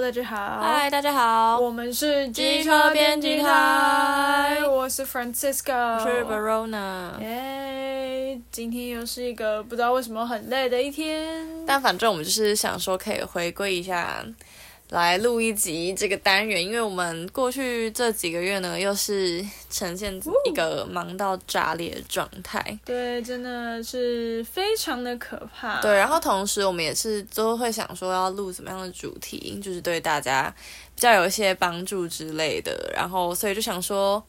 大家好，嗨，大家好，我們是機車編輯台、台，我是 Francisco，我是 Barona，耶，yeah, 今天又是一個不知道為什麼很累的一天，但反正我們就是想說可以回歸一下。來錄一集這個單元，因為我們過去這幾個月呢，又是呈現一個忙到炸裂的狀態，對，真的是非常的可怕。對，然後同時我們也是都會想說要錄什麼樣的主題，就是對大家比較有一些幫助之類的。然後，所以就想說，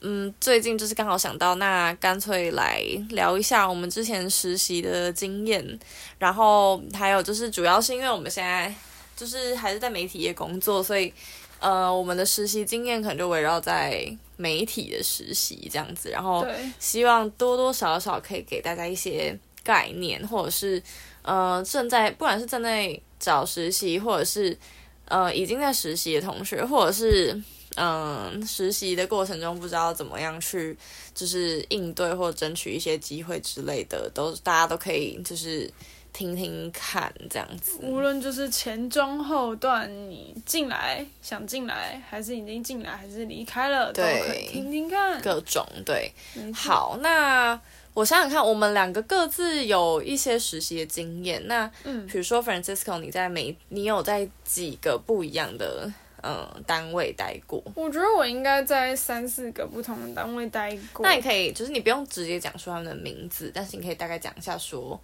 嗯，最近就是剛好想到，那乾脆來聊一下我們之前實習的經驗。然後還有就是，主要是因為我們現在。就是還是在媒體業工作，所以，呃，我們的實習經驗可能就圍繞在媒體的實習這樣子。然後，希望多多少少可以給大家一些概念，或者是，呃，正在不管是正在找實習，或者是，呃，已經在實習的同學，或者是，嗯、呃，實習的過程中不知道怎麼樣去，就是應對或爭取一些機會之類的，都大家都可以就是。聽聽看，這樣子，無論就是前中後段你進，你進來想進來，還是已經進來，還是離開了，對，都可以聽聽看，各種對。好，那我想想看，我們兩個各自有一些實習的經驗。那，嗯，比如說 Francisco，你在每，你有在幾個不一樣的嗯、呃、單位待過？我覺得我應該在三四個不同的單位待過。那你可以，就是你不用直接講出他們的名字，但是你可以大概講一下說。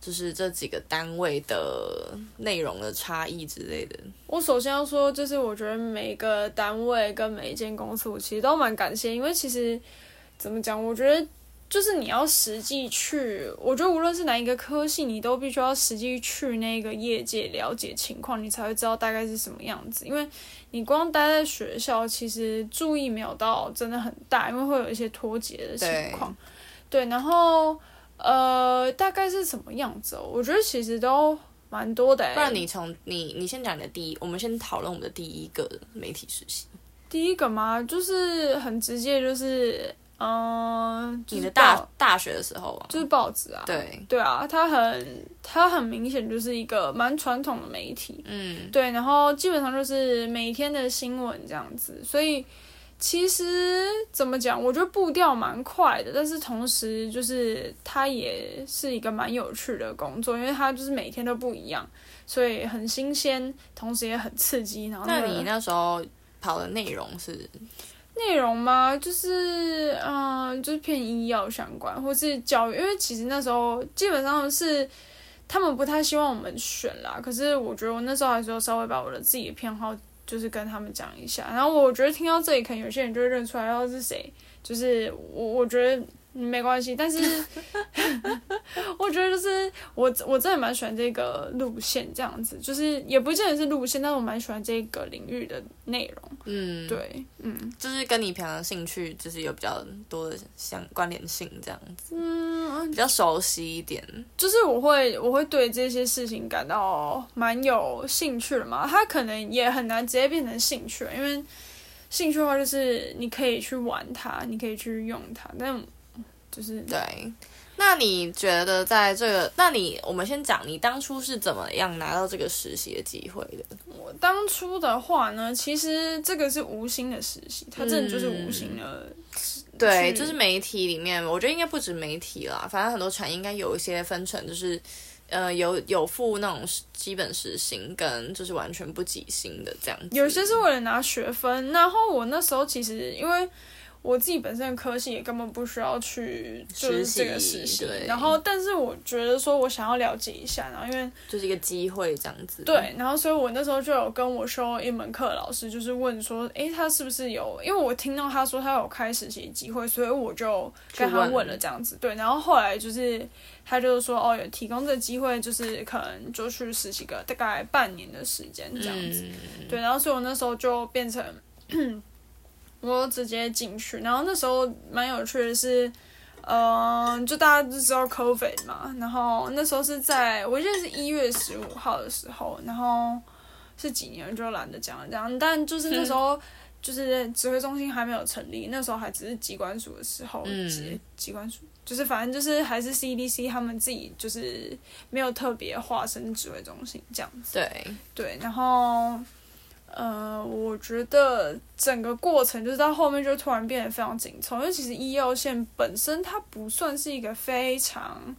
就是這幾個單位的內容的差異之類的。我首先要說，就是我覺得每一個單位跟每一間公司，我其實都蠻感謝，因為其實怎麼講，我覺得就是你要實際去，我覺得無論是哪一個科系，你都必須要實際去那個業界了解情況，你才會知道大概是什麼樣子。因為你光待在學校，其實注意沒有到真的很大，因為會有一些脫節的情況。對，然後。呃，大概是什麼樣子，哦？我覺得其實都蠻多的、欸。不然你從你你先講的第一，我們先討論我們的第一個媒體實習。第一個嘛，就是很直接，就是呃，就是嗯，你的大大學的時候，啊，就是報紙啊，對對啊，它很它很明顯就是一個蠻傳統的媒體，嗯，對，然後基本上就是每天的新聞這樣子，所以。其實怎麼講，我覺得步調蠻快的，但是同時就是它也是一個蠻有趣的工作，因為它就是每天都不一樣，所以很新鮮，同時也很刺激。然後那個，那你那時候跑的內容是內容嗎？就是嗯、呃，就是偏醫藥相關或是教育，因為其實那時候基本上是他們不太希望我們選啦。可是我覺得我那時候還是有稍微把我的自己的偏好。就是跟他們講一下，然後我覺得聽到這裡，可能有些人就會認出來，然後是誰？就是我，我覺得。嗯，沒關係，但是 我覺得就是我我真的蠻喜歡這個路線這樣子，就是也不見得是路線，但是我蠻喜歡這個領域的內容。嗯，對，嗯，就是跟你平常的興趣就是有比較多的相關聯性這樣子。嗯，比較熟悉一點。就是我會我會對這些事情感到蠻有興趣的嘛，它可能也很難直接變成興趣，因為興趣的話就是你可以去玩它，你可以去用它，但就是對，那你覺得在這個，那你我們先講，你當初是怎麼樣拿到這個實習的機會的？我當初的話呢，其實這個是無薪的實習，它真的就是無薪的。嗯。對，就是媒體裡面，我覺得應該不止媒體啦，反正很多產業應該有一些分成，就是呃，有有付那種基本時薪跟就是完全不給薪的這樣子。有些是為了拿學分，然後我那時候其實因為。我自己本身的科系也根本不需要去就是這個實習，然後但是我覺得說我想要了解一下，然後因為就是一個機會這樣子。對，然後所以我那時候就有跟我說，一門課老師就是問說，誒，他是不是有？因為我聽到他說他有開實習機會，所以我就跟他問了這樣子。對，然後後來就是他就是說，哦，有提供這機會，就是可能就去實習個大概半年的時間這樣子。嗯、對，然後所以我那時候就變成。 我直接進去，然後那時候蠻有趣的是，嗯、呃，就大家都知道 COVID 嘛，然後那時候是在，我記得是一月十五號的時候，然後是幾年就懶得講了這樣，但就是那時候、嗯、就是指揮中心還沒有成立，那時候還只是疾管署的時候，嗯，疾、疾管署就是反正就是還是 CDC 他們自己就是沒有特別化身指揮中心這樣子，對對，然後。呃，我覺得整個過程就是到後面就突然變得非常緊湊，因為其實醫藥線本身它不算是一個非常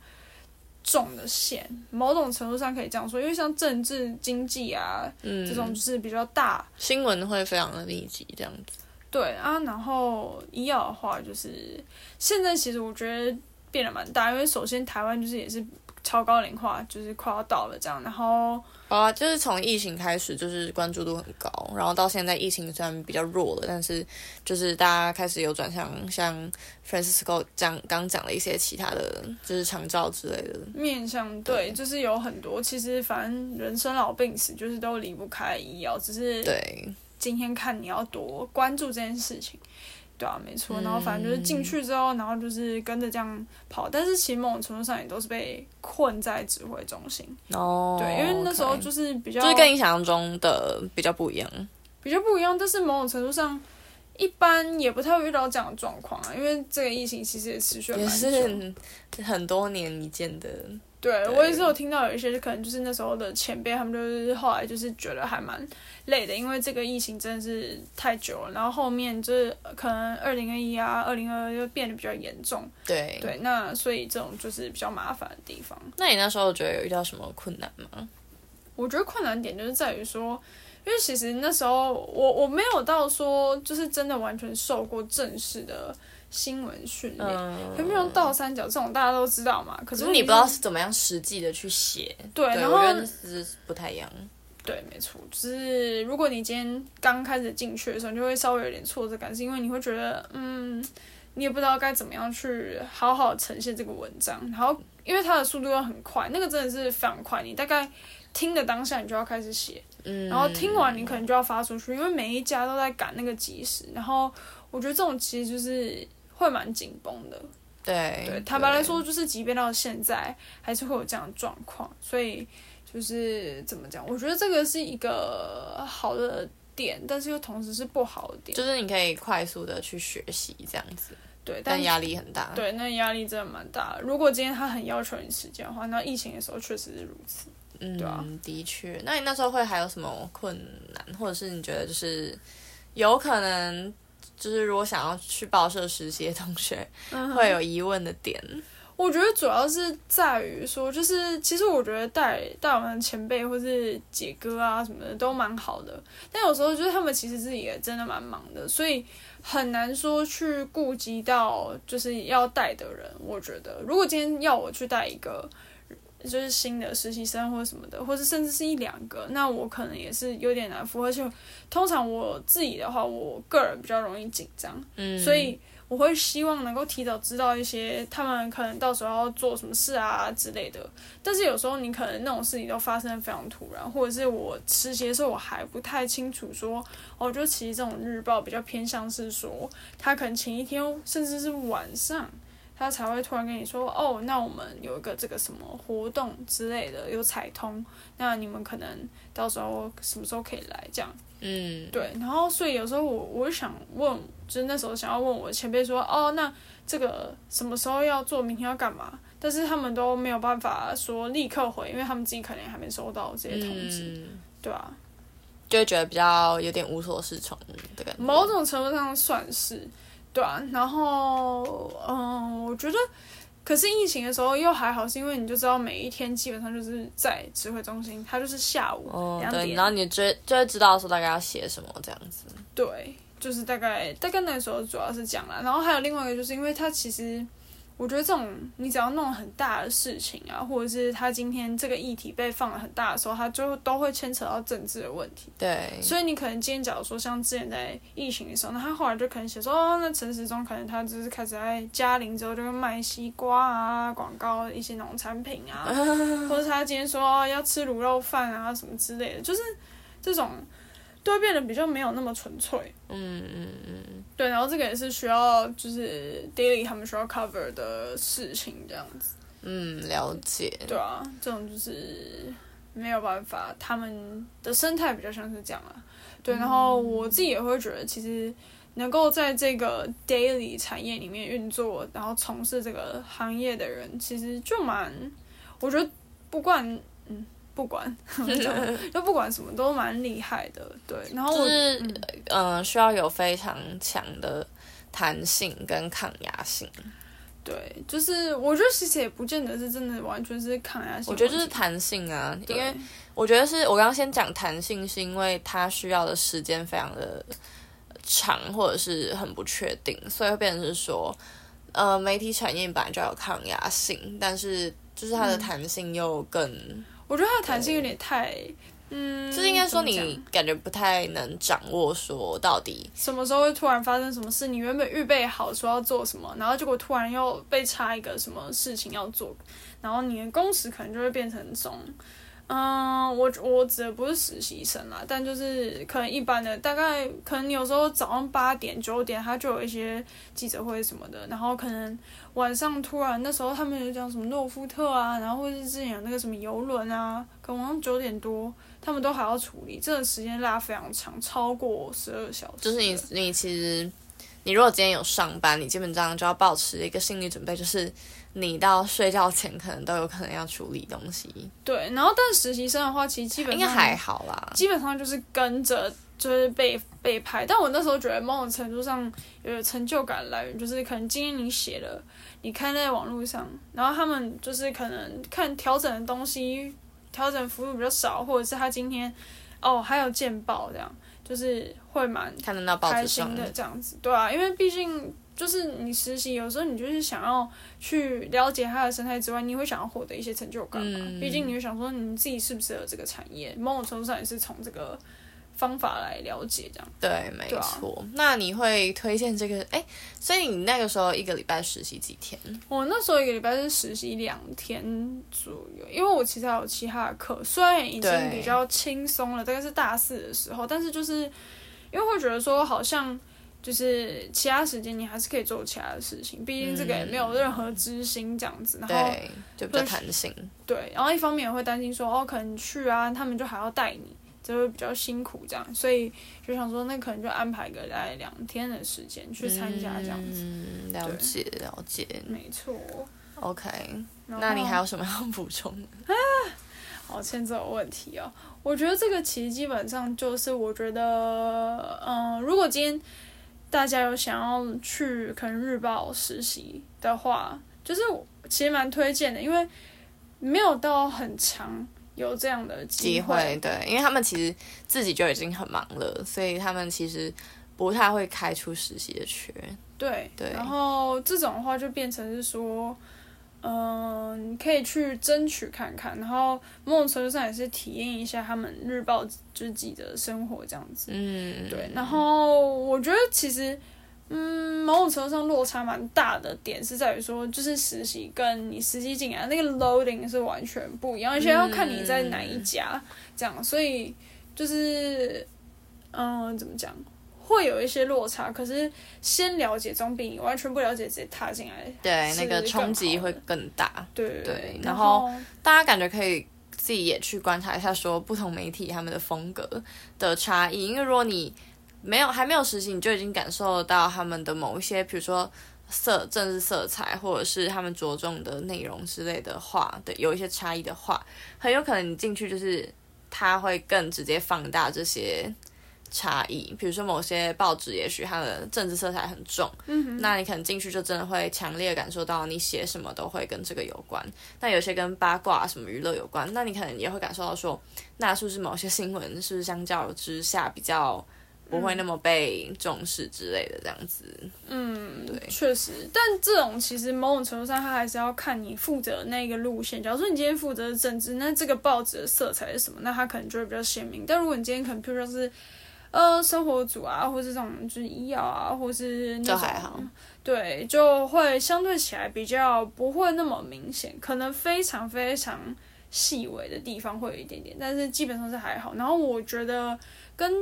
重的線，某種程度上可以這樣說，因為像政治經濟啊，嗯，這種就是比較大，新聞會非常的密集這樣子。對啊，然後醫藥的話，就是現在其實我覺得變得蠻大，因為首先台灣就是也是。超高齡化就是快要到了這樣，然後啊，就是從疫情開始就是關注度很高，然後到現在疫情雖然比較弱了，但是就是大家開始有轉向，像 Francisco 講剛講了一些其他的，就是長照之類的，面向對，對，就是有很多，其實反正人生老病死就是都離不開醫藥，只是、就是對今天看你要多關注這件事情。對啊，沒錯，然後反正就是進去之後、嗯，然後就是跟着這樣跑，但是其實某種程度上也都是被困在指揮中心哦。對，因為那時候就是比較，就是跟你想象中的比較不一樣，比較不一樣。但是某種程度上，一般也不太會遇到這樣的狀況、啊，因為這個疫情其實也持續了蠻很多年一見的。對，我也是有聽到有一些，可能就是那時候的前輩，他們就是後來就是覺得還蠻累的，因為這個疫情真的是太久了。然後後面就是可能二零二一啊，二零二二就變得比較嚴重。對對，那所以這種就是比較麻煩的地方。那你那時候覺得有遇到什麼困難嗎？我覺得困難點就是在於說，因為其實那時候我我沒有到說就是真的完全受過正式的。新聞訓練，很、嗯、像倒三角這種，大家都知道嘛。可是你，、就是、你不知道是怎麼樣實際的去寫。對，然後是不太一樣。對，沒錯。就是如果你今天剛開始進去的時候，你就會稍微有點挫折感，是因為你會覺得，嗯，你也不知道該怎麼樣去好好呈現這個文章。然後，因為它的速度又很快，那個真的是非常快。你大概聽的當下，你就要開始寫。嗯。然後聽完，你可能就要發出去，嗯、因為每一家都在趕那個即時。然後，我覺得這種其實就是。會蠻緊繃的，對，坦白來說，就是即便到現在，還是會有這樣的狀況。所以就是怎麼講，我覺得這個是一個好的點，但是又同時是不好的點。就是你可以快速的去學習這樣子，對，但壓力很大。對，那壓力真的蠻大。如果今天他很要求你時間的話，那疫情的時候確實是如此。嗯，對啊，的確。那你那時候會還有什麼困難，或者是你覺得就是有可能？就是如果想要去報社實習的同學，嗯，會有疑問的點。我覺得主要是在於說，就是其實我覺得帶帶我們前輩或是姐哥啊什麼的都蠻好的，但有時候就是他們其實自己也真的蠻忙的，所以很難說去顧及到就是要帶的人。我覺得如果今天要我去帶一個。就是新的實習生或者什麼的，或者甚至是一兩個，那我可能也是有點難負荷。就通常我自己的話，我個人比較容易緊張，嗯，所以我會希望能夠提早知道一些他們可能到時候要做什麼事啊之類的。但是有時候你可能那種事情都發生得非常突然，或者是我實習的時候我還不太清楚說，哦，就其實這種日報比較偏向是說，他可能前一天甚至是晚上。他才會突然跟你說，哦，那我們有一個這個什麼活動之類的，有採通，那你們可能到時候什麼時候可以來這樣？嗯，對。然後，所以有時候我我想問，就是那時候想要問我前輩說，哦，那這個什麼時候要做，明天要幹嘛？但是他們都沒有辦法說立刻回，因為他們自己可能還沒收到這些通知，嗯，對吧，對啊。就覺得比較有點無所適從的感覺，某種程度上算是。對啊，然後嗯、呃，我覺得，可是疫情的時候又還好，是因為你就知道每一天基本上就是在指揮中心，它就是下午兩點、哦、對，然後你就就會知道說大概要寫什麼這樣子。對，就是大概大概那時候主要是講了，然後還有另外一個就是因為它其實。我覺得這種，你只要弄很大的事情啊，或者是他今天這個議題被放了很大的時候，他最後都會牽扯到政治的問題。對，所以你可能今天假如說像之前在疫情的時候，那他後來就可能寫說，那陳時中可能他就是開始在加零之後就是賣西瓜啊，廣告一些農產品啊，uh. 或者他今天說要吃滷肉飯啊什麼之類的，就是這種。都會變得比較沒有那麼純粹，嗯嗯嗯，對，然後這個也是需要就是 daily 他們需要 cover 的事情這樣子，嗯，了解，嗯，對啊，這種就是沒有辦法，他們的生態比較像是這樣啊，對，然後我自己也會覺得，其實能夠在這個 daily 產業裡面運作，然後從事這個行業的人，其實就蠻，我覺得不管，嗯。不管 就不管什麼 都蠻厲害的，對。然後就是嗯、呃，需要有非常強的彈性跟抗壓性。對，就是我覺得其實也不見得是真的，完全是抗壓性。我覺得就是彈性啊，因為我覺得是我剛剛先講彈性，是因為它需要的時間非常的長，或者是很不確定，所以會變成是說，呃，媒體產業本來就有抗壓性，但是就是它的彈性又更。嗯我覺得它的彈性有點太，嗯，就是應該說，你感覺不太能掌握，說到底什麼時候會突然發生什麼事，你原本預備好說要做什麼，然後結果突然又被插一個什麼事情要做，然後你的工時可能就會變成這種。嗯、um，我我指的不是實習生啦，但就是可能一般的，大概可能有時候早上八點九點，點他就有一些記者會什麼的，然後可能晚上突然那時候他們有講什麼諾富特啊，然後或者之前有那個什麼游輪啊，可能晚上九點多他們都還要處理，這個時間拉非常長，超過十二小時。就是你你其實你如果今天有上班，你基本上就要保持一個心理準備，就是。你到睡覺前可能都有可能要處理東西，對。然後，但實習生的話，其實基本上還好啦。基本上就是跟着，就是被被拍。但我那時候覺得，某種程度上，有成就感來源就是，可能今天你寫了，你看在網絡上，然後他們就是可能看調整的東西，調整幅度比較少，或者是他今天哦還有見報這樣，就是會蠻開心的這樣子。樣子對啊，因為畢竟。就是你實習,有時候你就是想要去了解它的生態之外，你會想要獲得一些成就感。嗯，畢竟你會想說你自己是不是有這個產業、嗯，某種程度上也是從這個方法來了解這樣。對，沒錯、啊。那你會推薦這個？哎，所以你那個時候一個禮拜實習幾天？我那時候一個禮拜是實習兩天左右，因為我其實還有其他的課，雖然已經比較輕鬆了，大概是大四的時候，但是就是因為會覺得說好像。就是其他時間你還是可以做其他的事情，畢竟這個也沒有任何知心這樣子，嗯、然後對，就比較彈性。對，然後一方面也會擔心說，哦，可能去啊，他們就還要帶你，就會比較辛苦這樣，所以就想說，那可能就安排個大概兩天的時間去參加這樣子。嗯、了解了解，沒錯，OK。那你還有什麼要補充的啊？好，現在有問題啊、哦，我覺得這個其實基本上就是，我覺得，嗯，如果今天。大家有想要去可能日報實習的話，就是其實蠻推薦的，因為沒有到很常有這樣的機會。機會，對，因為他們其實自己就已經很忙了，所以他們其實不太會開出實習的缺。對對。然後這種的話，就變成是說。嗯、呃，你可以去爭取看看，然後某種程度上也是體驗一下他們日報自己的生活這樣子。嗯，對。然後我覺得其實，嗯，某種程度上落差蠻大的點是在於說，就是實習跟你實習進來那個 loading 是完全不一樣，而且要看你在哪一家，嗯、這樣，所以就是，嗯、呃，怎麼講？會有一些落差，可是先了解總比完全不了解自己踏進來，對那個衝擊會更大。對對，然後，然後大家感覺可以自己也去觀察一下，說不同媒體他們的風格的差異。因為如果你沒有還沒有實習，你就已經感受到他們的某一些，比如說色政治色彩，或者是他們着重的內容之類的話，對有一些差異的話，很有可能你進去就是它會更直接放大這些。差異，比如說某些報紙，也許它的政治色彩很重，嗯哼，那你可能進去就真的會強烈的感受到，你寫什麼都會跟這個有關。那有些跟八卦、什麼娛樂有關，那你可能也會感受到說，那是不是某些新聞是不是相較之下比較不會那麼被重視之類的這樣子？嗯，嗯對，確實。但這種其實某種程度上，它還是要看你負責的那個路線。假如說你今天負責的政治，那這個報紙的色彩是什麼？那它可能就會比較鮮明。但如果你今天可能譬如說是呃，生活組啊，或是這種就是醫藥啊，或是那種，都還好，對，就會相對起來比較不會那麼明顯，可能非常非常細微的地方會有一點點，但是基本上是還好。然後我覺得跟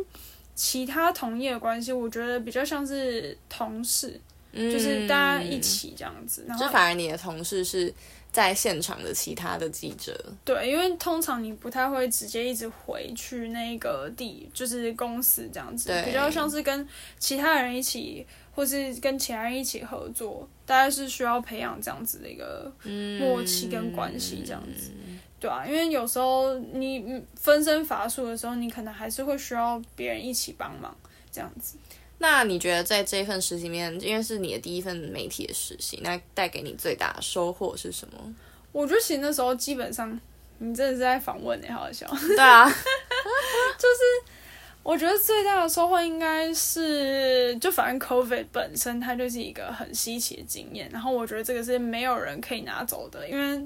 其他同業的關係，我覺得比較像是同事，嗯、就是大家一起這樣子。就、嗯、反而你的同事是。在現場的其他的記者，對，因為通常你不太會直接一直回去那個地，就是公司這樣子，比較像是跟其他人一起，或是跟其他人一起合作，大概是需要培養這樣子的一個默契跟關係，這樣子、嗯，對啊，因為有時候你分身乏術的時候，你可能還是會需要別人一起幫忙，這樣子。那你覺得在這一份實習面，因為是你的第一份媒體的實習，那帶給你最大的收穫是什麼？我覺得其實那時候基本上你真的是在訪問、欸，你好好笑。對啊， 就是我覺得最大的收穫應該是，就反正 COVID 本身它就是一個很稀奇的經驗，然後我覺得這個是沒有人可以拿走的，因為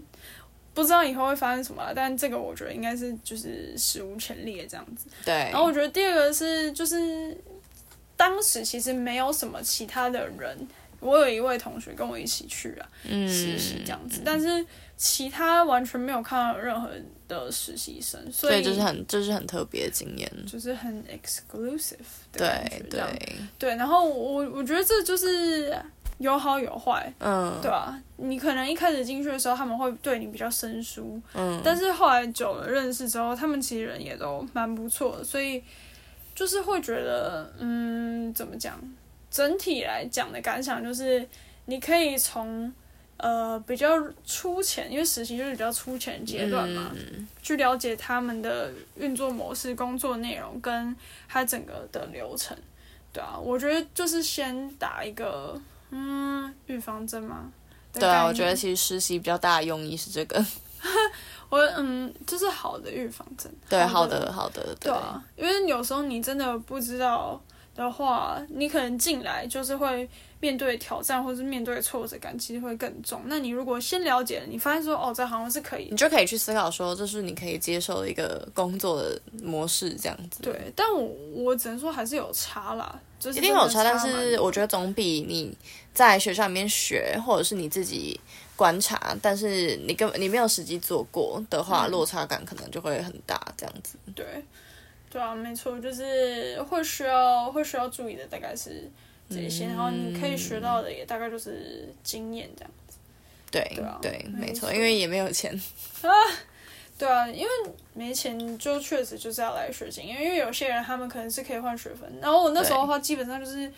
不知道以後會發生什麼，但這個我覺得應該是就是史無前例的這樣子。對，然後我覺得第二個是就是。當時其實沒有什麼其他的人，我有一位同學跟我一起去啊，實習、嗯、這樣子，但是其他完全沒有看到任何的實習生，所以，對，就是很就是很特別的經驗，就是很 exclusive。對對對，然後我我覺得這就是有好有壞，嗯，對吧、啊？你可能一開始進去的時候他們會對你比較生疏，嗯，但是後來久了認識之後，他們其實人也都蠻不錯的，所以。就是會覺得，嗯，怎麼講？整體來講的感想就是，你可以從，呃，比較粗淺，因為實習就是比較粗淺的階段嘛，嗯，去了解他們的運作模式、工作內容跟他整個的流程。對啊，我覺得就是先打一個嗯預防針嘛。對啊，我覺得其實實習比較大的用意是這個。 我嗯，就是好的預防針。對，好的，好的。對啊對，因為有時候你真的不知道的話，你可能進來就是會面對挑戰，或者是面對挫折感，其實會更重。那你如果先了解了，你發現說哦，這好像是可以，你就可以去思考說，這是你可以接受的一個工作的模式，這樣子、嗯。對，但我我只能說還是有差啦，就是一定有差，但是我覺得總比你在學校裡面學，或者是你自己。觀察，但是你根本你沒有實際做過的話，嗯，落差感可能就會很大，這樣子。對，對啊，沒錯，就是會需要會需要注意的，大概是這些，嗯。然後你可以學到的也大概就是經驗這樣子。對，對啊，對，沒錯，因為也沒有錢啊，對啊，因為沒錢就確實就是要來學經驗，因為有些人他們可能是可以換學分，然後我那時候的話基本上就是。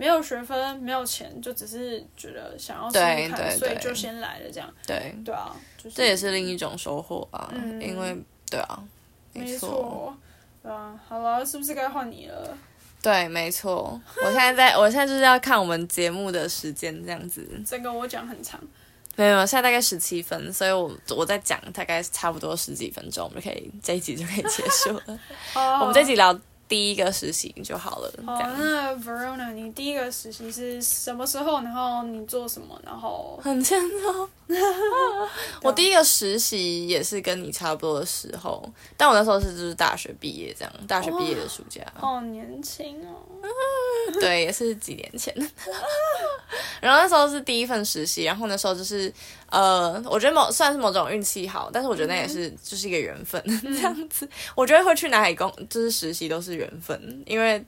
沒有學分，沒有錢，就只是覺得想要看看，所以就先來了這樣。對對啊、就是，這也是另一種收穫啊、嗯。因為對啊沒，沒錯，對啊。好了，是不是該換你了？對，沒錯。我現在在， 我現在就是要看我們節目的時間這樣子。這個我講很長。沒有，我現在大概十七分，所以我我在講大概差不多十幾分鐘，我們就可以這一集就可以結束了。 好啊好啊，我們這集聊第一個實習就好了。好，oh，那 Verona，你第一個實習是什麼時候？然後你做什麼？然後很輕鬆。 我第一個實習也是跟你差不多的時候，但我那時候是就是大學畢業這樣，大學畢業的暑假。Oh, oh, 輕哦，年輕哦。對，也是幾年前。 然後那時候是第一份實習，然後那時候就是。呃，我覺得某算是某種運氣好，但是我覺得那也是就是一個緣分、okay. 這樣子。我覺得會去哪裡工，就是實習都是緣分，因為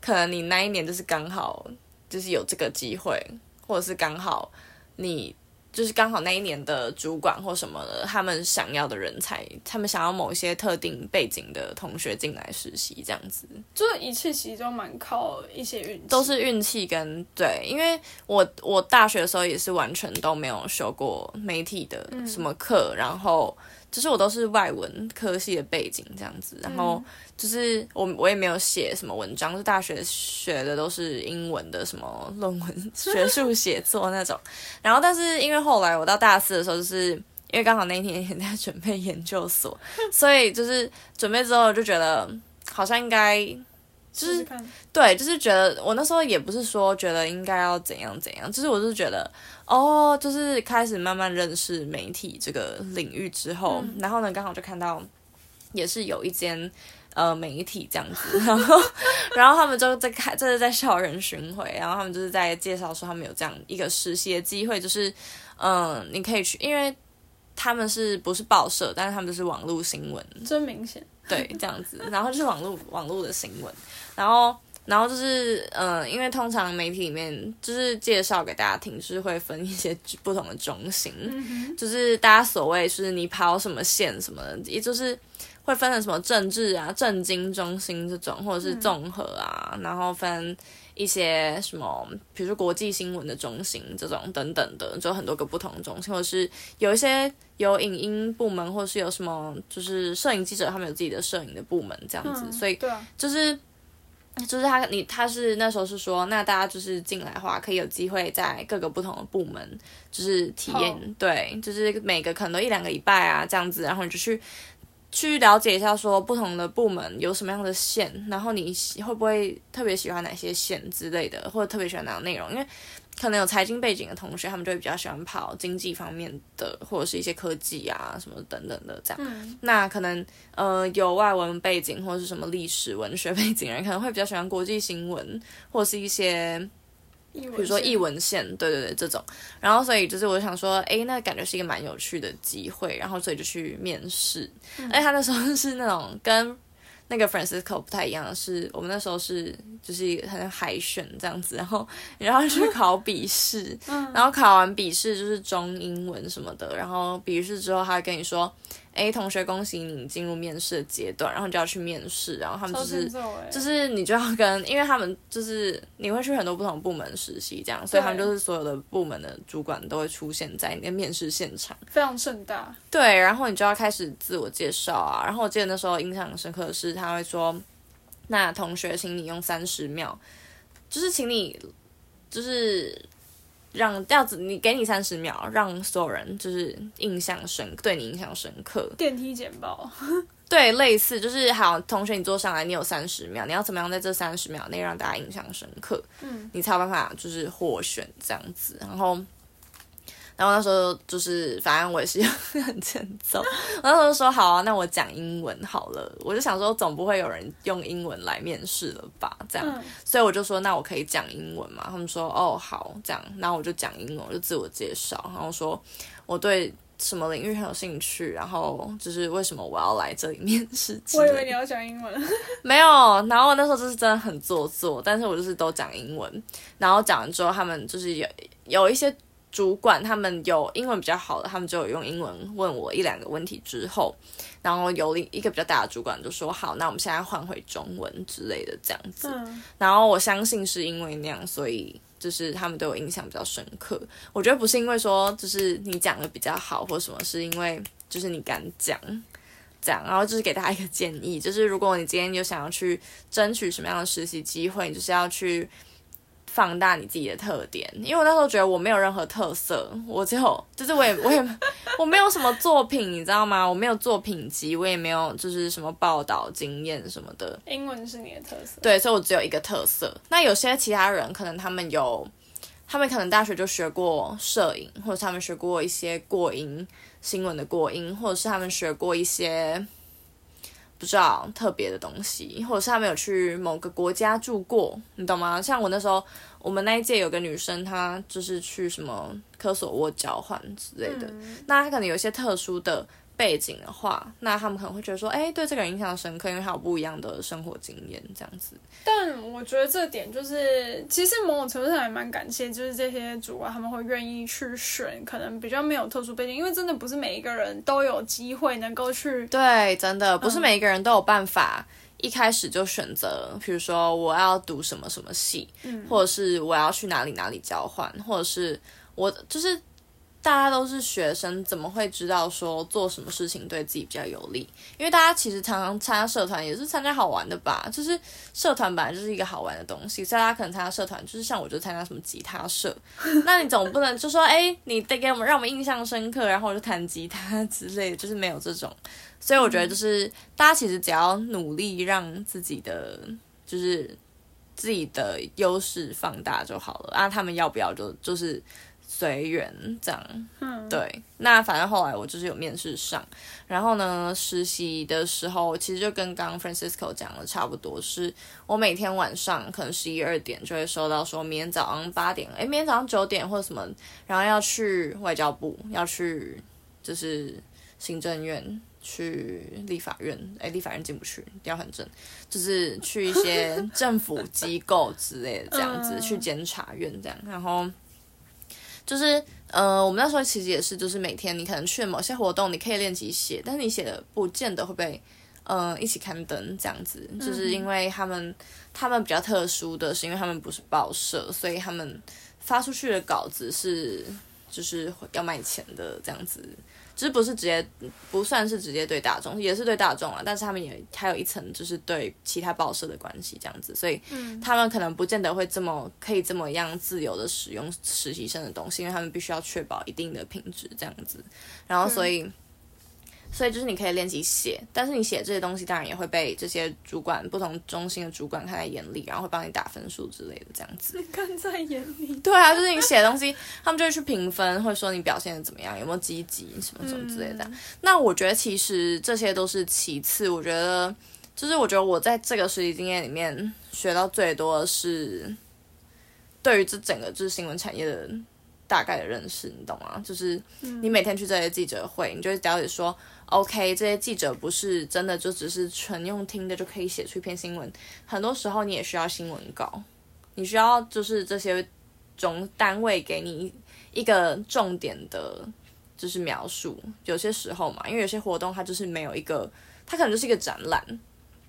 可能你那一年就是剛好就是有這個機會，或者是剛好你。就是剛好那一年的主管或什麼的，他們想要的人才，他們想要某些特定背景的同學進來實習，這樣子，就一次實習都蠻靠一些運氣，都是運氣跟對，因為我我大學的時候也是完全都沒有修過媒體的什麼課，嗯，然後。就是我都是外文科系的背景這樣子，然後就是我我也沒有寫什麼文章，就是大學學的都是英文的什麼論文、學術寫作那種。然後，但是因為後來我到大四的時候，就是因為剛好那一天也在準備研究所，所以就是準備之後就覺得好像應該。就是對，就是覺得我那時候也不是說覺得應該要怎樣怎樣，就是我就覺得哦，就是開始慢慢認識媒體這個領域之後，嗯、然後呢，剛好就看到也是有一間呃媒體這樣子，然後然後他們就在開，這是在校園巡迴，然後他們就是在介紹說他們有這樣一個實習的機會，就是嗯、呃，你可以去，因為他們是不是報社，但是他們就是網絡新聞，真明顯，對，這樣子，然後就是網絡網絡的新聞。然後，然後就是，嗯、呃，因為通常媒體裡面就是介紹給大家聽，就是會分一些不同的中心，嗯、就是大家所謂就是你跑什麼線什麼的，也就是會分成什麼政治啊、政經中心這種，或者是綜合啊、嗯，然後分一些什麼，比如說國際新聞的中心這種等等的，就很多個不同的中心，或者是有一些有影音部門，或者是有什麼就是攝影記者他們有自己的攝影的部門這樣子，嗯、所以就是。對就是他，你他是那時候是說，那大家就是進來的話，可以有機會在各個不同的部門，就是體驗，oh. 對，就是每個可能都一兩個禮拜啊，這樣子，然後你就去。去了解一下，說不同的部門有什麼樣的線，然後你會不會特別喜歡哪些線之類的，或者特別喜歡哪種內容？因為可能有財經背景的同學，他們就會比較喜歡跑經濟方面的，或者是一些科技啊什麼等等的這樣。嗯、那可能呃有外文背景或者是什麼歷史文學背景人，可能會比較喜歡國際新聞或者是一些。比如說藝文線，對對對，這種，然後所以就是我想說，哎、欸，那感覺是一個蠻有趣的機會，然後所以就去面試，哎、嗯，他那時候是那種跟。那個粉絲 o 不太一樣，是我們那時候是就是很海選這樣子，然後然後去考筆試，然後考完筆試就是中英文什麼的，然後筆試之後他會跟你說，哎，同學，恭喜你進入面試的階段，然後你就要去面試，然後他們就是就是你就要跟，因為他們就是你會去很多不同部門實習這樣，所以他們就是所有的部門的主管都會出現在你的面試現場，非常盛大，對，然後你就要開始自我介紹啊，然後我記得那時候印象深刻的是他。他會說：“那同學，請你用三十秒，就是請你，就是讓調子，你給你三十秒，讓所有人就是印象深刻，對你印象深刻。電梯簡報， 對，類似就是好，同學，你坐上來，你有三十秒，你要怎麼樣在這三十秒內讓大家印象深刻？嗯，你才有辦法就是獲選這樣子，然後。”然後那時候就是，反正我也是很欠揍。我 那時候說好啊，那我講英文好了。我就想說，總不會有人用英文來面試了吧？這樣，嗯、所以我就說，那我可以講英文嘛？他們說，哦，好，這樣。然後我就講英文，我就自我介紹，然後說我對什麼領域很有興趣，然後就是為什麼我要來這裡面試。我以為你要講英文， 沒有。然後我那時候就是真的很做作，但是我就是都講英文。然後講完之後，他們就是有有一些。主管他們有英文比較好的，他們就有用英文問我一兩個問題之後，然後有一個比較大的主管就說好，那我們現在換回中文之類的這樣子。嗯。然後我相信是因為那樣，所以就是他們對我印象比較深刻。我覺得不是因為說就是你講的比較好或什麼，是因為就是你敢講，講，然後就是給大家一個建議，就是如果你今天有想要去爭取什麼樣的實習機會，你就是要去，放大你自己的特點，因為我那時候覺得我沒有任何特色，我最後就，就是我也我也我沒有什麼作品，你知道嗎？我沒有作品集，我也沒有就是什麼報道經驗什麼的。英文是你的特色，對，所以我只有一個特色。那有些其他人可能他們有，他們可能大學就學過攝影，或者他們學過一些過音新聞的過音，或者是他們學過一些。不知道特別的東西，或者是他沒有去某個國家住過，你懂嗎？像我那時候，我們那一屆有個女生，她就是去什麼科索沃交換之類的，嗯，那她可能有些特殊的。背景的話，那他們可能會覺得說，誒、欸，對這個人印象深刻，因為他有不一樣的生活經驗這樣子。但我覺得這點就是，其實某種程度上還蠻感謝，就是這些主管，他們會願意去選，可能比較沒有特殊背景，因為真的不是每一個人都有機會能夠去。對，真的不是每一個人都有辦法、嗯、一開始就選擇，比如說我要讀什麼什麼系、嗯，或者是我要去哪裡哪裡交換，或者是我就是。大家都是學生，怎麼會知道說做什麼事情對自己比較有利？因為大家其實常常參加社團也是參加好玩的吧，就是社團本來就是一個好玩的東西，所以大家可能參加社團就是像我就參加什麼吉他社，那你總不能就說欸，你得給我們讓我們印象深刻，然後我就彈吉他之類，就是沒有這種。所以我覺得就是大家其實只要努力讓自己的就是自己的優勢放大就好了啊，他們要不要就就是。隨緣這樣，嗯，對。那反正後來我就是有面試上，然後呢，實習的時候其實就跟剛 Francisco 講的差不多，是我每天晚上可能十一二點就會收到，說明天早上八點，哎、欸，明天早上九點或者什麼，然後要去外交部，要去就是行政院，去立法院，哎、欸，立法院進不去，要很正，就是去一些政府機構之類的這樣子，嗯、去檢察院這樣，然後。就是，呃，我們那時候其實也是，就是每天你可能去某些活動，你可以練習寫，但是你寫的不見得會被，呃，一起刊登這樣子。就是因為他們，嗯、他們比較特殊的是，因為他們不是報社，所以他們發出去的稿子是，就是要賣錢的這樣子。其實不是直接，不算是直接對大眾，也是對大眾啊。但是他們也還有一層，就是對其他報社的關係這樣子，所以他們可能不見得會這麼可以這麼樣自由的使用實習生的東西，因為他們必須要確保一定的品質這樣子。然後所以。嗯所以就是你可以練習寫，但是你寫這些東西，當然也會被這些主管、不同中心的主管看在眼裡，然後會幫你打分數之類的，這樣子。看在眼裡。對啊，就是你寫的東西，他們就會去評分，或者說你表現的怎麼樣，有沒有積極，什麼什麼之類的，嗯。那我覺得其實這些都是其次，我覺得就是我覺得我在這個實習經驗裡面學到最多的是，對於這整個就是新聞產業的。大概的認識，你懂嗎？就是你每天去這些記者會，你就會了解說，OK，這些記者不是真的就只是純用聽的就可以寫出一篇新聞。很多時候你也需要新聞稿，你需要就是這些總單位給你一個重點的，就是描述。有些時候嘛，因為有些活動它就是沒有一個，它可能就是一個展覽，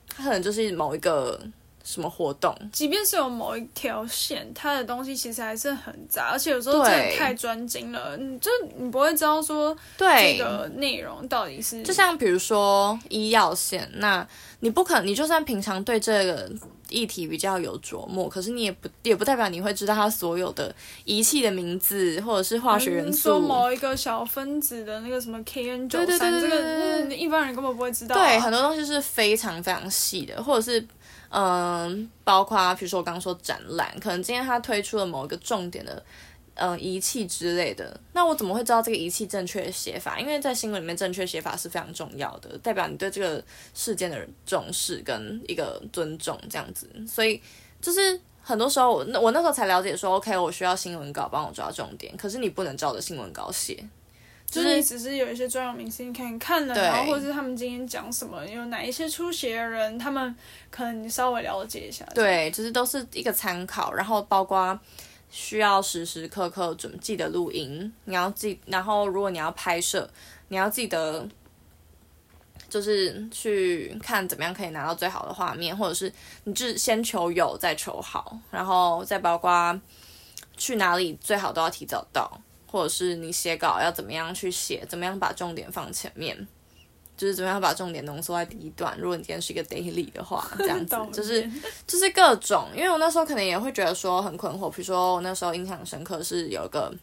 它可能就是某一個。什麼活動？即便是有某一條線，它的東西其實還是很雜，而且有時候真的太專精了，你就你不會知道說這個內容到底是。就像比如說醫藥線，那你不可能，你就算平常對這個議題比較有琢磨，可是你也不也不代表你會知道它所有的儀器的名字，或者是化學元素。嗯，說某一個小分子的那個什麼 K N 九三，這個，嗯，一般人根本不會知道啊。對，很多東西是非常非常細的，或者是。嗯，包括比如說我剛說展覽，可能今天他推出了某一個重點的，嗯，儀器之類的。那我怎麼會知道這個儀器正確的寫法？因為在新聞裡面，正確寫法是非常重要的，代表你對這個事件的重視跟一個尊重這樣子。所以，就是很多時候我那我那時候才了解說，OK，我需要新聞稿幫我抓重點，可是你不能照着新聞稿寫。就是你、就是、只是有一些重要明星，看看了，然後或者是他們今天講什麼，有哪一些出席的人，他們可能你稍微了解一下。對，就是都是一個參考。然後包括需要時時刻刻準備記得錄音，你要記，然後如果你要拍攝，你要記得就是去看怎麼樣可以拿到最好的畫面，或者是你就先求有再求好，然後再包括去哪裡最好都要提早到。或者是你寫稿要怎麼樣去寫，怎麼樣把重點放前面，就是怎麼樣把重點濃縮在第一段。如果你今天是一個 daily 的話，這樣子 就是就是各種。因為我那時候可能也會覺得說很困惑，比如說我那時候印象深刻是有一個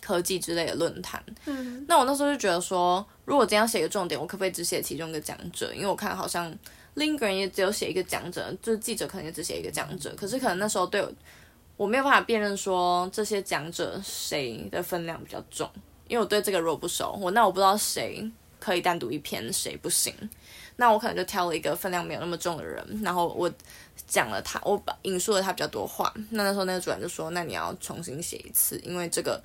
科技之類的論壇，嗯、那我那時候就覺得說，如果今天要寫一個重點，我可不可以只寫其中一個講者？因為我看好像另一個人也只有寫一個講者，就是記者可能也只寫一個講者。嗯、可是可能那時候對我。我沒有辦法辨認說這些講者誰的分量比較重，因為我對這個弱不熟，我那我不知道誰可以單獨一篇，誰不行。那我可能就挑了一個分量沒有那麼重的人，然後我講了他，我引述了他比較多話。那那時候那個主任就說，那你要重新寫一次，因為這個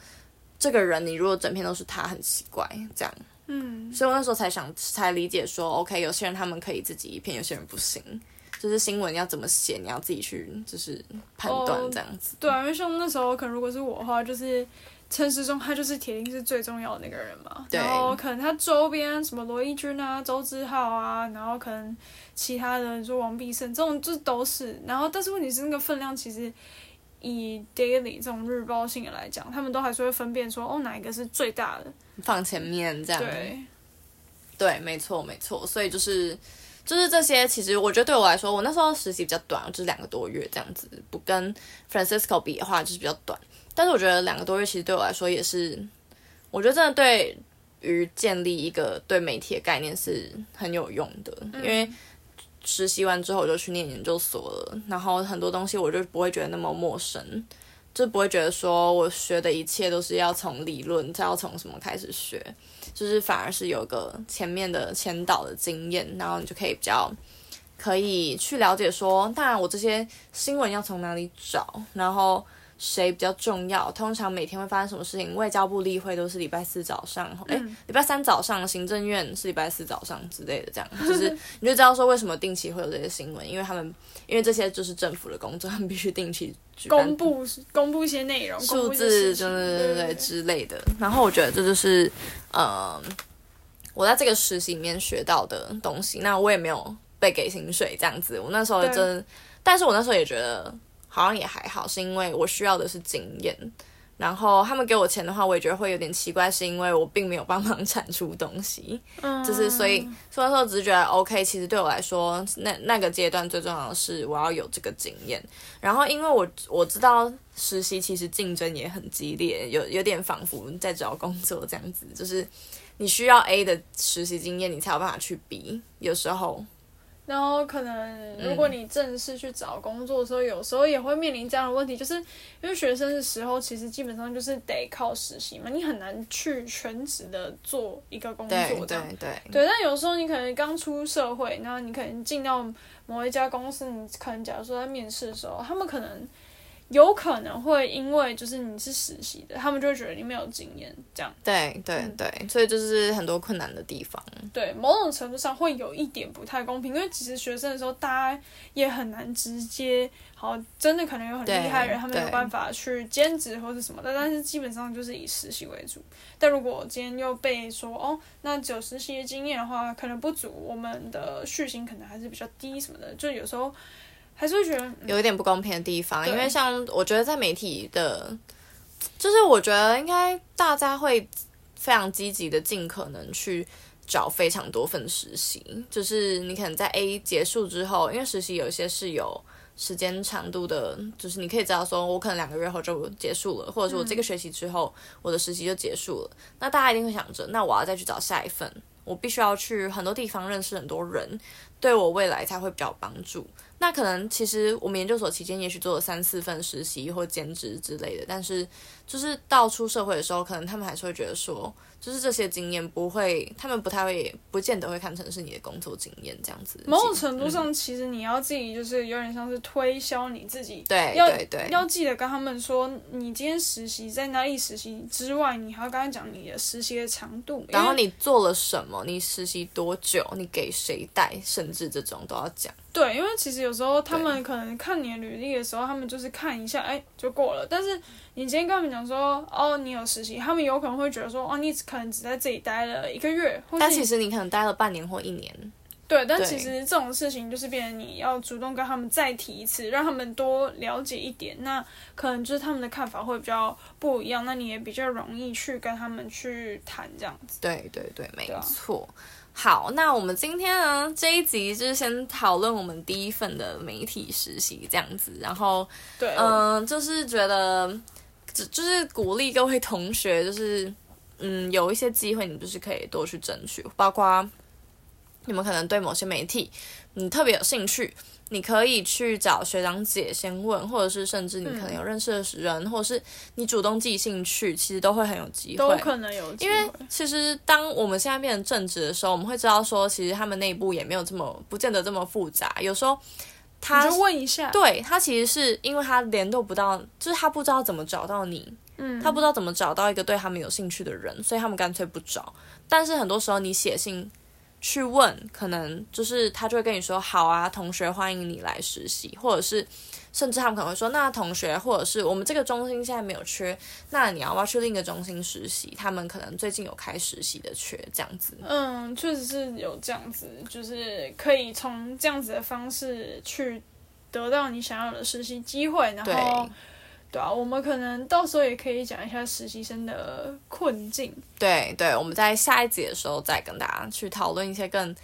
這個人你如果整篇都是他，很奇怪這樣。嗯，所以我那時候才想才理解說，OK，有些人他們可以自己一篇，有些人不行。就是新聞要怎麼寫，你要自己去就是判斷這樣子。Oh, 對啊，因為像那時候可能如果是我的話，就是陳時中他就是鐵定是最重要的那個人嘛。對，然後可能他周邊什麼羅一鈞啊、周志浩啊，然後可能其他的說王必勝這種就是都是。然後但是問題是那個分量其實以 daily 這種日報性的來講，他們都還是會分辨說哦哪一個是最大的放前面這樣子。對，對，沒錯沒錯，所以就是。就是這些，其實我覺得對我來說，我那時候實習比較短，就是兩個多月這樣子。不跟 Francisco 比的話，就是比較短。但是我覺得兩個多月其實對我來說也是，我覺得真的對於建立一個對媒體的概念是很有用的。嗯、因為實習完之後我就去念研究所了，然後很多東西我就不會覺得那麼陌生。就不會覺得說我學的一切都是要從理論，要從什麼開始學，就是反而是有一個前面的前導的經驗，然後你就可以比較可以去了解說，那我這些新聞要從哪裡找，然後。誰比較重要？通常每天會發生什麼事情？外交部例會都是禮拜四早上，嗯、誒禮拜三早上，行政院是禮拜四早上之類的，這樣 就是你就知道說為什麼定期會有這些新聞，因為他們因為這些就是政府的工作，他們必須定期公布公布一些內容、數字，對對，對，對，對，對，對之類的。然後我覺得這就是呃，我在這個實習裡面學到的東西。那我也沒有被給薪水這樣子，我那時候也真，但是我那時候也覺得。好像也還好，是因為我需要的是經驗。然後他們給我錢的話，我也覺得會有點奇怪，是因為我並沒有幫忙產出東西。嗯，就是所以，雖然說只是覺得 OK，其實對我來說，那那個階段最重要的是我要有這個經驗。然後，因為我我知道實習其實競爭也很激烈，有有點仿佛在找工作這樣子。就是你需要 A 的實習經驗，你才有辦法去 B。有時候。然後可能，如果你正式去找工作的時候，有時候也會面臨這樣的問題，就是因為學生的時候，其實基本上就是得靠實習嘛，你很難去全職的做一個工作。對對對。對，但有時候你可能剛出社會，然後你可能進到某一家公司，你可能假如說在面試的時候，他們可能。有可能會因為就是你是實習的，他們就會覺得你沒有經驗，這樣。對對對、嗯，所以就是很多困難的地方。對，某種程度上會有一點不太公平，因為其實學生的時候大家也很難直接，好，真的可能有很厲害的人，他們沒有辦法去兼職或是什麼的，但是基本上就是以實習為主。但如果今天又被說哦，那只有實習的經驗的話，可能不足，我們的起薪可能還是比較低什麼的，就有時候，還是會覺得、嗯、有一點不公平的地方，因為像我覺得在媒體的，就是我覺得應該大家會非常積極的，盡可能去找非常多份實習。就是你可能在 A 結束之後，因為實習有一些是有時間長度的，就是你可以知道說我可能兩個月後就結束了，或者說我這個學期之後、嗯、我的實習就結束了。那大家一定會想着，那我要再去找下一份，我必須要去很多地方認識很多人，對我未來才會比較幫助。那可能其實我們研究所期間，也許做了三四份實習或兼職之類的，但是。就是到出社會的時候，可能他們還是會覺得說，就是這些經驗不會，他們不太會，不見得會看成是你的工作經驗這樣子。某種程度上，嗯、其實你要自己就是有點像是推銷你自己。對，要對對，要記得跟他們說，你今天實習在哪裡實習之外，你還要跟他講你的實習的長度，然後你做了什麼，你實習多久，你給誰帶，甚至這種都要講。對，因為其實有時候他們可能看你的履歷的時候，他們就是看一下，哎，就過了，但是。你今天跟他們講說哦，你有實習，他們有可能會覺得說哦，你可能只在這裡待了一個月，但其實你可能待了半年或一年。對，但其實這種事情就是變成你要主動跟他們再提一次，讓他們多了解一點。那可能就是他們的看法會比較不一樣，那你也比較容易去跟他們去談這樣子。對對對，沒錯、啊。好，那我們今天呢這一集就是先討論我們第一份的媒體實習這樣子，然後對，嗯、呃，就是覺得。就是鼓勵各位同學，就是嗯，有一些機會，你就是可以多去爭取。包括你們可能對某些媒體，你特別有興趣，你可以去找學長姐先問，或者是甚至你可能有認識的人，嗯、或者是你主動寄信去，其實都會很有機會。都可能有，因為其實當我們現在變成正職的時候，我們會知道說，其實他們內部也沒有這麼不見得這麼複雜。有時候。他對他其實是因為他聯絡不到，就是他不知道怎麼找到你、嗯，他不知道怎麼找到一個對他們有興趣的人，所以他們乾脆不找。但是很多時候你寫信，去問，可能就是他就會跟你說，好啊，同學，歡迎你來實習，或者是甚至他們可能會說，那同學，或者是我們這個中心現在沒有缺，那你要不要去另一個中心實習？他們可能最近有開實習的缺，這樣子。嗯，確實是有這樣子，就是可以從這樣子的方式去得到你想要的實習機會，然後。對啊，我們可能到時候也可以講一下實習生的困境。對對，我們在下一集的時候再跟大家去討論一些更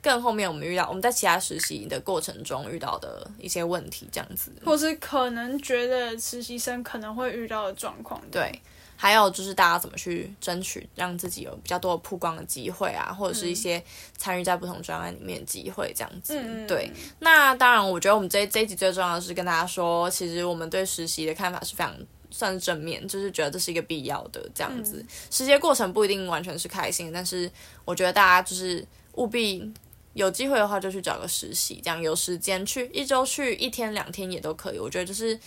更後面我們遇到我們在其他實習的過程中遇到的一些問題，這樣子，或是可能覺得實習生可能會遇到的狀況。對。還有就是大家怎麼去爭取讓自己有比較多的曝光的機會啊，或者是一些參與在不同專案裡面的機會這樣子。嗯、對，那當然，我覺得我們這這一集最重要的是跟大家說，其實我們對實習的看法是非常算是正面，就是覺得這是一個必要的這樣子。嗯、實習過程不一定完全是開心，但是我覺得大家就是務必有機會的話就去找個實習，這樣有時間去一周去一天兩天也都可以。我覺得就是。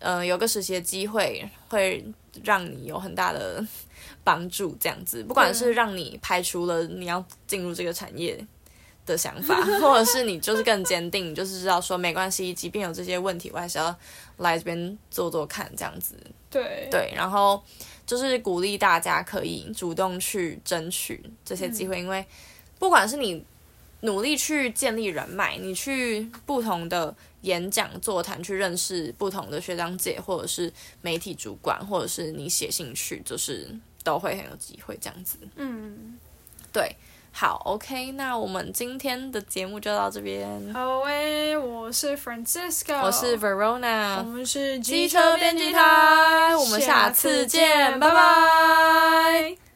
呃，有個實習的機會會讓你有很大的幫助，這樣子，不管是讓你排除了你要進入這個產業的想法，或者是你就是更堅定， 就是知道說沒關係，即便有這些問題，我還是要來這邊做做看，這樣子。對對，然後就是鼓勵大家可以主動去爭取這些機會，嗯、因為不管是你努力去建立人脈，你去不同的。演講座談去認識不同的學長姐，或者是媒體主管，或者是你寫信去，就是都會很有機會這樣子。嗯，對，好，OK，那我們今天的節目就到這邊。好、oh，喂，我是 Francisco，我是 Verona，我們是機車編輯台，輯台，我們下次見，拜拜。拜拜。